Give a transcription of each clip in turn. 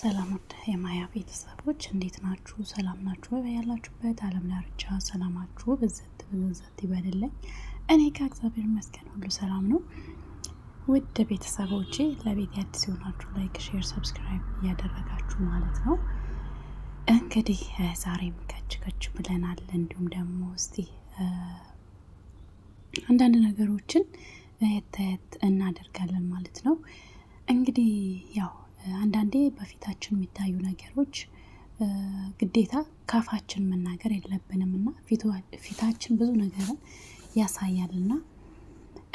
ሰላም ወደ የማያ ቤተሰቦች እንዴት ናችሁ? ሰላም ናችሁ? ያላችሁበት አለም ዳርቻ ሰላማችሁ በዘት በዘት ይበልልኝ። እኔ ከእግዚአብሔር ይመስገን ሁሉ ሰላም ነው። ውድ ቤተሰቦቼ ለቤት አዲስ የሆናችሁ ላይክ፣ ሼር፣ ሰብስክራይብ እያደረጋችሁ ማለት ነው። እንግዲህ ዛሬም ከች ከች ብለናል። እንዲሁም ደግሞ እስቲ አንዳንድ ነገሮችን የት የት እናደርጋለን ማለት ነው እንግዲህ ያው አንዳንዴ በፊታችን የሚታዩ ነገሮች ግዴታ ካፋችን መናገር የለብንም እና ፊታችን ብዙ ነገርን ያሳያል እና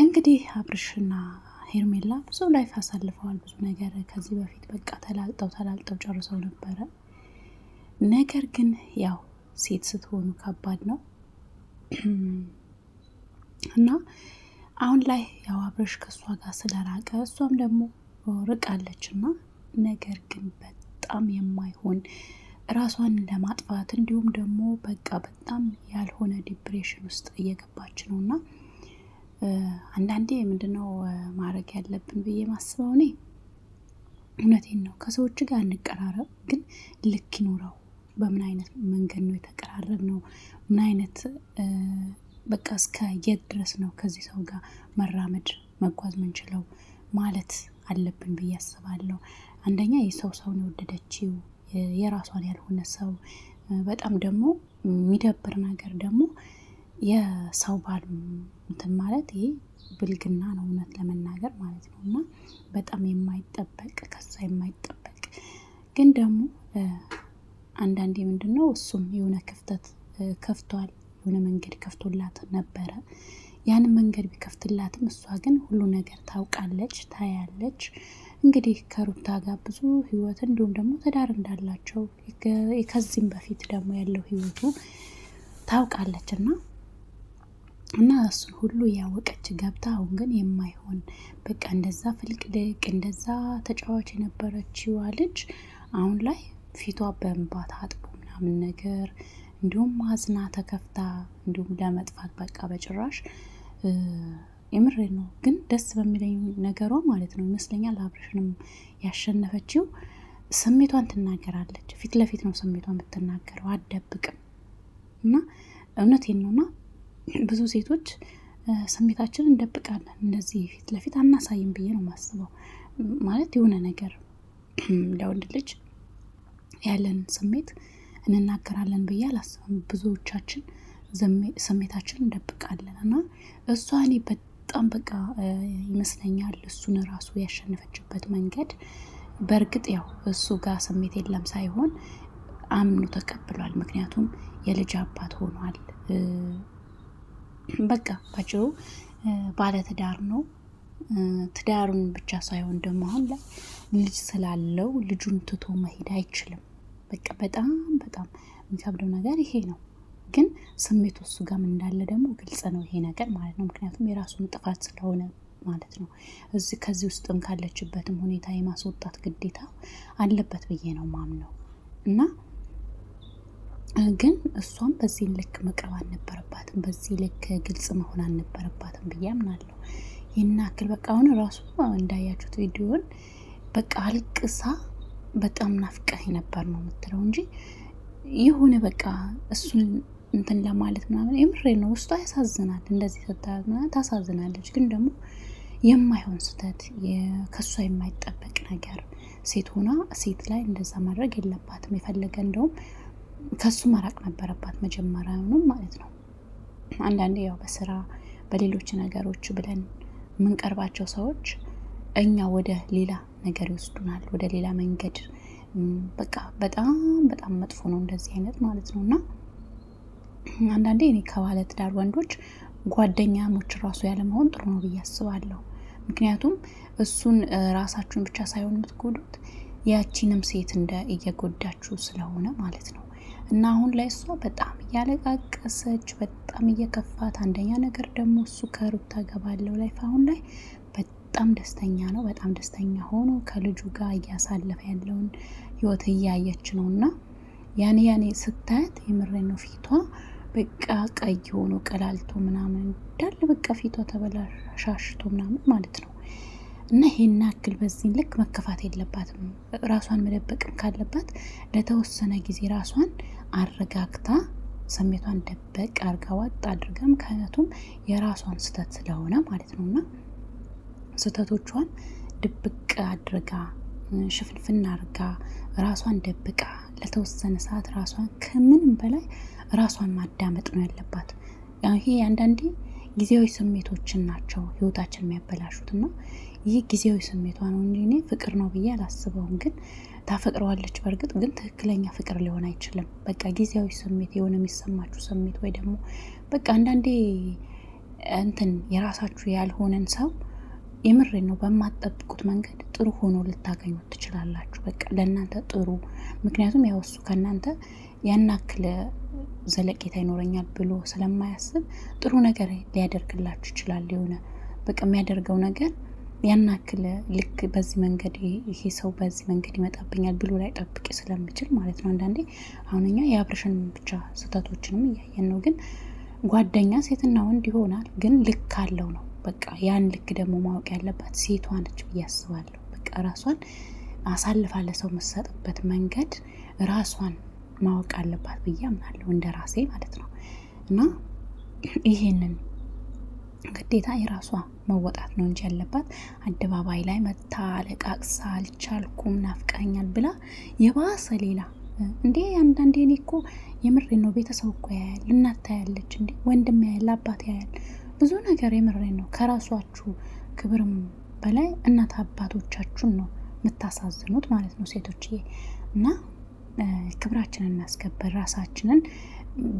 እንግዲህ አብርሽና ሄርሜላ ብዙ ላይፍ አሳልፈዋል። ብዙ ነገር ከዚህ በፊት በቃ ተላልጠው ተላልጠው ጨርሰው ነበረ። ነገር ግን ያው ሴት ስትሆኑ ከባድ ነው እና አሁን ላይ ያው አብርሽ ከእሷ ጋር ስለራቀ እሷም ደግሞ ርቃለች እና ነገር ግን በጣም የማይሆን ራሷን ለማጥፋት እንዲሁም ደግሞ በቃ በጣም ያልሆነ ዲፕሬሽን ውስጥ እየገባች ነው እና አንዳንዴ ምንድነው ማድረግ ያለብን ብዬ ማስበው እኔ እውነቴን ነው ከሰዎች ጋር እንቀራረብ፣ ግን ልክ ይኖረው። በምን አይነት መንገድ ነው የተቀራረብ ነው? ምን አይነት በቃ እስከ የት ድረስ ነው ከዚህ ሰው ጋር መራመድ መጓዝ ምንችለው ማለት አለብን ብዬ አስባለሁ። አንደኛ የሰው ሰውን የወደደችው የራሷን ያልሆነ ሰው በጣም ደግሞ የሚደብር ነገር ደግሞ የሰው ባል እንትን ማለት ይሄ ብልግና ነው፣ እውነት ለመናገር ማለት ነው። እና በጣም የማይጠበቅ ከዛ የማይጠበቅ ግን ደግሞ አንዳንዴ ምንድን ነው እሱም የሆነ ክፍተት ከፍቷል፣ የሆነ መንገድ ከፍቶላት ነበረ። ያንን መንገድ ቢከፍትላትም እሷ ግን ሁሉ ነገር ታውቃለች፣ ታያለች እንግዲህ ከሩታ ጋር ብዙ ህይወት እንዲሁም ደግሞ ትዳር እንዳላቸው ከዚህም በፊት ደግሞ ያለው ህይወቱ ታውቃለች እና እና እሱን ሁሉ ያወቀች ገብታ አሁን ግን የማይሆን በቃ እንደዛ ፍልቅልቅ እንደዛ ተጫዋች የነበረችዋ ልጅ አሁን ላይ ፊቷ በእንባ ታጥቦ ምናምን ነገር እንዲሁም አዝና ተከፍታ እንዲሁም ለመጥፋት በቃ በጭራሽ የምሬ ነው። ግን ደስ በሚለኝ ነገሯ ማለት ነው ይመስለኛል አብርሽንም ያሸነፈችው ስሜቷን ትናገራለች። ፊት ለፊት ነው ስሜቷን የምትናገረው አደብቅም እና እውነቴን ነውና ብዙ ሴቶች ስሜታችን እንደብቃለን፣ እንደዚህ ፊት ለፊት አናሳይም ብዬ ነው የማስበው። ማለት የሆነ ነገር ለወንድ ልጅ ያለን ስሜት እንናገራለን ብዬ አላስብም። ብዙዎቻችን ስሜታችን እንደብቃለን እና እሷ እኔ በጣም በቃ ይመስለኛል እሱን ራሱ ያሸነፈችበት መንገድ። በእርግጥ ያው እሱ ጋር ስሜት የለም ሳይሆን አምኖ ተቀብሏል። ምክንያቱም የልጅ አባት ሆኗል። በቃ ባጭሩ ባለትዳር ነው። ትዳሩን ብቻ ሳይሆን ደግሞ አሁን ላይ ልጅ ስላለው ልጁን ትቶ መሄድ አይችልም። በቃ በጣም በጣም የሚከብደው ነገር ይሄ ነው። ግን ስሜቱ እሱ ጋም እንዳለ ደግሞ ግልጽ ነው ይሄ ነገር ማለት ነው። ምክንያቱም የራሱን ጥፋት ስለሆነ ማለት ነው። እዚህ ከዚህ ውስጥም ካለችበትም ሁኔታ የማስወጣት ግዴታ አለበት ብዬ ነው ማምነው እና ግን እሷም በዚህ ልክ መቅረብ አልነበረባትም፣ በዚህ ልክ ግልጽ መሆን አልነበረባትም ብዬ አምናለሁ። ይህን አክል በቃ አሁን ራሱ እንዳያችሁት ቪዲዮን በቃ አልቅሳ በጣም ናፍቀህ ነበር ነው የምትለው እንጂ የሆነ በቃ እሱን እንትን ለማለት ምናምን የምሬ ነው። ውስጧ ያሳዝናል። እንደዚህ ታሳዝናለች። ግን ደግሞ የማይሆን ስህተት ከሷ የማይጠበቅ ነገር ሴት ሆና ሴት ላይ እንደዛ ማድረግ የለባትም። የፈለገ እንደውም ከሱ መራቅ ነበረባት መጀመሪያውንም ማለት ነው። አንዳንዴ ያው በስራ በሌሎች ነገሮች ብለን የምንቀርባቸው ሰዎች እኛ ወደ ሌላ ነገር ይወስዱናል፣ ወደ ሌላ መንገድ በቃ በጣም በጣም መጥፎ ነው እንደዚህ አይነት ማለት ነው እና አንዳንዴ እኔ ከባለ ትዳር ወንዶች ጓደኛሞች ራሱ ያለመሆን ጥሩ ነው ብዬ አስባለሁ። ምክንያቱም እሱን ራሳችሁን ብቻ ሳይሆን የምትጎዱት ያቺንም ሴት እንደ እየጎዳችሁ ስለሆነ ማለት ነው። እና አሁን ላይ እሷ በጣም እያለቃቀሰች በጣም እየከፋት፣ አንደኛ ነገር ደግሞ እሱ ከሩታ ጋር ባለው ላይፍ አሁን ላይ በጣም ደስተኛ ነው። በጣም ደስተኛ ሆኖ ከልጁ ጋር እያሳለፈ ያለውን ህይወት እያየች ነው እና ያኔ ያኔ ስታያት የምሬ ነው ፊቷ በቃ ቀይ ሆኖ ቀላልቶ ምናምን እንዳለ በቃ ፊቷ ተበላሻሽቶ ምናምን ማለት ነው። እና ይሄን ያክል በዚህም ልክ መከፋት የለባትም። ራሷን መደበቅም ካለባት ለተወሰነ ጊዜ ራሷን አረጋግታ ስሜቷን ደበቅ አርጋ ዋጥ አድርጋ፣ ምክንያቱም የራሷን ስህተት ስለሆነ ማለት ነው እና ስህተቶቿን ድብቅ አድርጋ ሽፍንፍና አርጋ ራሷን ደብቃ ለተወሰነ ሰዓት ራሷን ከምንም በላይ ራሷን ማዳመጥ ነው ያለባት። ይሄ አንዳንዴ ጊዜያዊ ስሜቶችን ናቸው ህይወታችን የሚያበላሹት እና ይህ ጊዜያዊ ስሜቷ ነው እንጂ እኔ ፍቅር ነው ብዬ አላስበውም። ግን ታፈቅረዋለች። በእርግጥ ግን ትክክለኛ ፍቅር ሊሆን አይችልም። በቃ ጊዜያዊ ስሜት የሆነ የሚሰማችሁ ስሜት ወይ ደግሞ በቃ አንዳንዴ እንትን የራሳችሁ ያልሆነን ሰው የምሬ ነው። በማትጠብቁት መንገድ ጥሩ ሆኖ ልታገኙት ትችላላችሁ። በቃ ለእናንተ ጥሩ ምክንያቱም ያው እሱ ከእናንተ ያናክለ ዘለቄታ ይኖረኛል ብሎ ስለማያስብ ጥሩ ነገር ሊያደርግላችሁ ይችላል። የሆነ በቃ የሚያደርገው ነገር ያናክለ ልክ በዚህ መንገድ ይሄ ሰው በዚህ መንገድ ይመጣብኛል ብሎ ላይ ጠብቄ ስለምችል ማለት ነው። አንዳንዴ አሁን እኛ የአብርሽን ብቻ ስህተቶችንም እያየን ነው። ግን ጓደኛ ሴትና ወንድ ይሆናል፣ ግን ልክ አለው ነው በቃ ያን ልክ ደግሞ ማወቅ ያለባት ሴቷ ነች ብዬ አስባለሁ። በቃ ራሷን አሳልፋ ለሰው የምትሰጥበት መንገድ ራሷን ማወቅ አለባት ብዬ አምናለሁ፣ እንደ ራሴ ማለት ነው። እና ይሄንን ግዴታ የራሷ መወጣት ነው እንጂ ያለባት አደባባይ ላይ መታ ለቃቅሳ አልቻልኩም፣ ናፍቀኛል ብላ የባሰ ሌላ እንዴ አንዳንዴ እኔ እኮ የምሬ ነው። ቤተሰብ እኮ ያያል፣ እናት ታያለች፣ እንዴ ወንድም ያያል፣ አባት ያያል ብዙ ነገር የምሬን ነው። ከራሷችሁ ክብርም በላይ እናት አባቶቻችሁን ነው የምታሳዝኑት ማለት ነው ሴቶችዬ። እና ክብራችንን እናስከበር። ራሳችንን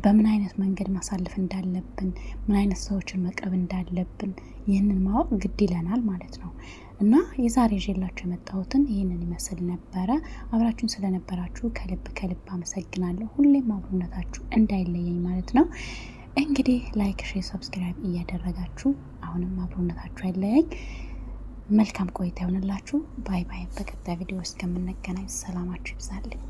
በምን አይነት መንገድ ማሳለፍ እንዳለብን፣ ምን አይነት ሰዎችን መቅረብ እንዳለብን ይህንን ማወቅ ግድ ይለናል ማለት ነው። እና የዛሬ ይዤላችሁ የመጣሁትን ይህንን ይመስል ነበረ። አብራችሁን ስለነበራችሁ ከልብ ከልብ አመሰግናለሁ። ሁሌም አብሮነታችሁ እንዳይለየኝ ማለት ነው። እንግዲህ ላይክ፣ ሼር፣ ሰብስክራይብ እያደረጋችሁ አሁንም አብሮነታችሁ አይለያይ። መልካም ቆይታ ይሆንላችሁ። ባይ ባይ። በቀጣይ ቪዲዮ እስከምንገናኝ ሰላማችሁ ይብዛልኝ።